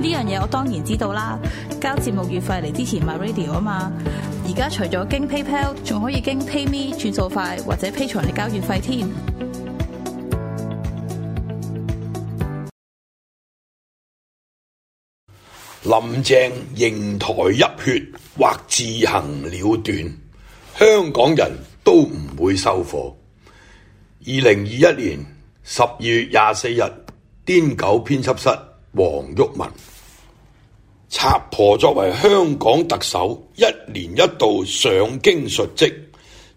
呢樣嘢我當然知道啦，交節目月費嚟之前買 MyRadio 啊嘛。而家除咗經 PayPal，仲可以經 PayMe 轉數快或者 Patreon 嚟交月費添。林鄭瀛台泣血或自行了斷，香港人都唔會收貨。二零二一年十二月廿四日，癲狗編輯室，黃毓民。賊婆作為香港特首，一年一度上京述職。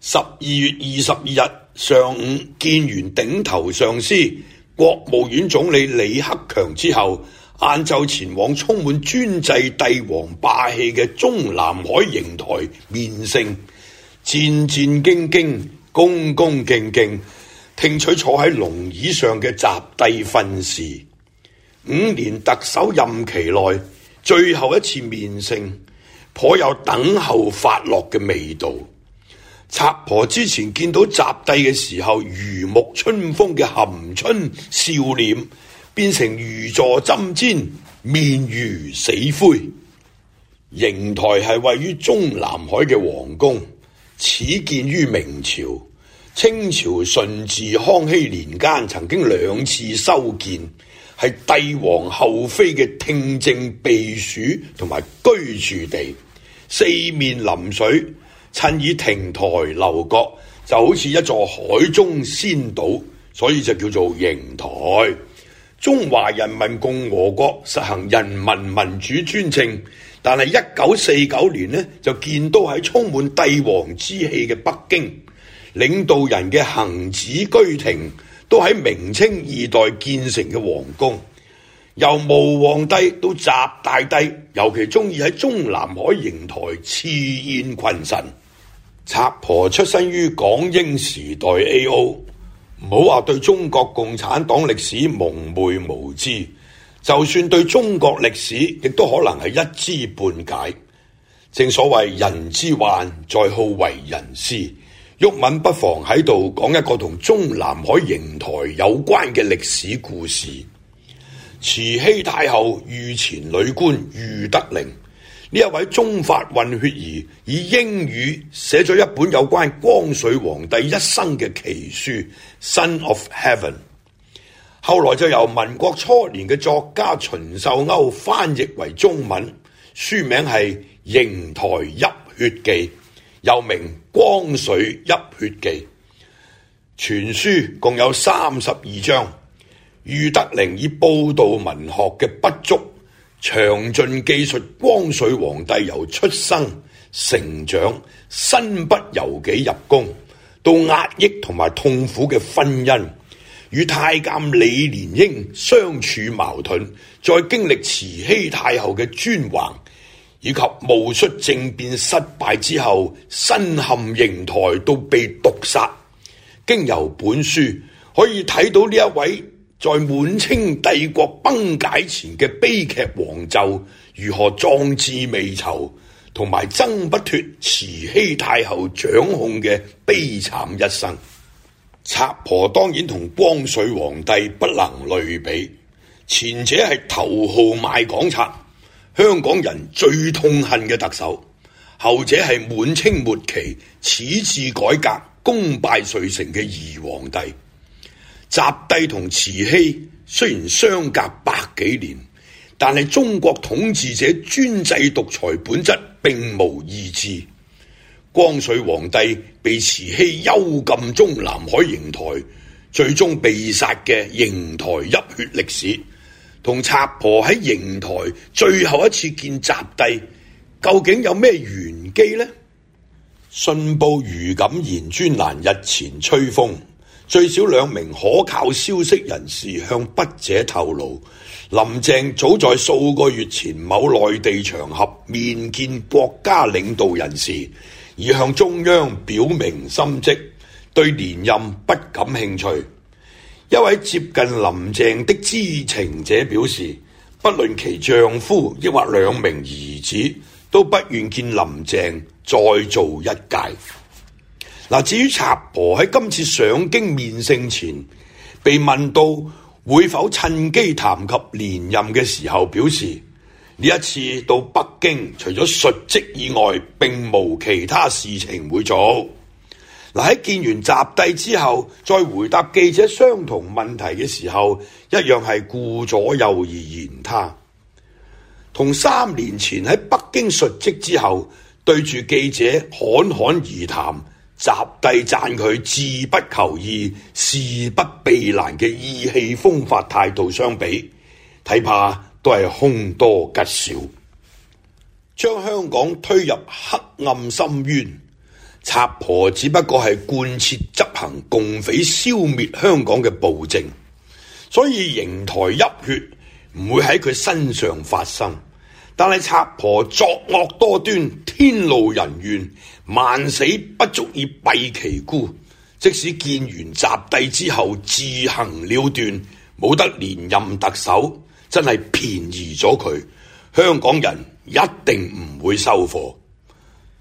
十二月二十二日上午見完頂頭上司國務院總理李克強之後，晏晝前往充滿專制帝王霸氣嘅中南海瀛台面聖，戰戰兢兢、恭恭敬敬，聽取坐喺龍椅上嘅習帝訓示。五年特首任期內，最後一次面聖，頗有等候發落嘅味道。賊婆之前見到習帝嘅時候，如沐春風嘅含春笑臉，變成如坐針氈，面如死灰。瀛台係位於中南海嘅皇宮，始建於明朝、清朝順治、康熙年間，曾經兩次修建。係帝王后妃嘅聽政避暑同埋居住地，四面臨水，襯以亭台樓閣，就好似一座海中仙島，所以就叫做瀛台。中華人民共和國實行人民民主專政，但係一九四九年呢，就見到喺充滿帝王之氣嘅北京，領導人嘅行止居停。都喺明清二代建成嘅皇宮，由毛皇帝到習大帝，尤其中意喺中南海瀛台賜宴群臣。賊婆出身於港英時代 A O，唔好話對中國共產黨歷史蒙昧無知，就算對中國歷史亦都可能係一知半解。正所謂人之患在好為人師。毓民不妨喺度講一個同中南海瀛台有關嘅歷史故事。慈禧太后御前女官裕德齡呢一位中法混血兒，以英語寫咗一本有關光緒皇帝一生嘅奇書《Son of Heaven》，後來就由民國初年嘅作家秦瘦鷗翻譯為中文，書名係《瀛台泣血記》。又名《光緒泣血記》，全書共有三十二章。裕德齡以報道文學嘅不足，詳盡記述光緒皇帝由出生、成長、身不由己入宮，到壓抑同埋痛苦嘅婚姻，與太監李蓮英相處矛盾，再經歷慈禧太后嘅專橫。以及戊戌政變失敗之後身陷瀛台都被毒殺，經由本書可以睇到呢一位在滿清帝國崩解前嘅悲劇皇胄如何壯志未酬同埋掙不脱慈禧太後掌控嘅悲慘一生。賊婆當然同光緒皇帝不能類比，前者係頭號賣港賊。香港人最痛恨嘅特首，後者係滿清末期此次改革功敗垂成嘅兒皇帝。習帝同慈禧雖然相隔百幾年，但係中國統治者專制獨裁本質並無二致。光緒皇帝被慈禧幽禁中南海瀛台，最終被殺嘅瀛台泣血歷史。同賊婆喺瀛台最後一次見侄帝，究竟有咩玄機呢？信報余錦賢專欄日前吹風，最少兩名可靠消息人士向筆者透露，林鄭早在數個月前某內地場合面見國家領導人時，已向中央表明心跡，對連任不感興趣。一位接近林鄭的知情者表示，不論其丈夫亦或兩名兒子，都不願見林鄭再做一屆。至於賊婆喺今次上京面聖前，被問到會否趁機談及連任嘅時候，表示呢一次到北京，除咗述職以外，並無其他事情會做。喺見完習帝之後，再回答記者相同問題嘅時候，一樣係顧左右而言他，同三年前喺北京述職之後，對住記者侃侃而談，習帝讚佢志不求易、事不避難嘅意氣風發態度相比，睇怕都係凶多吉少，將香港推入黑暗深淵。賊婆只不過係貫徹執行共匪消滅香港嘅暴政，所以瀛台泣血唔會喺佢身上發生。但係賊婆作惡多端，天怒人怨，萬死不足以蔽其辜。即使見完習帝之後自行了斷，冇得連任特首，真係便宜咗佢。香港人一定唔會收貨。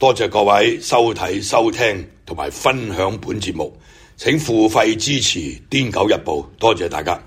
多謝各位收睇、收聽同埋分享本節目。請付費支持《癲狗日報》，多謝大家。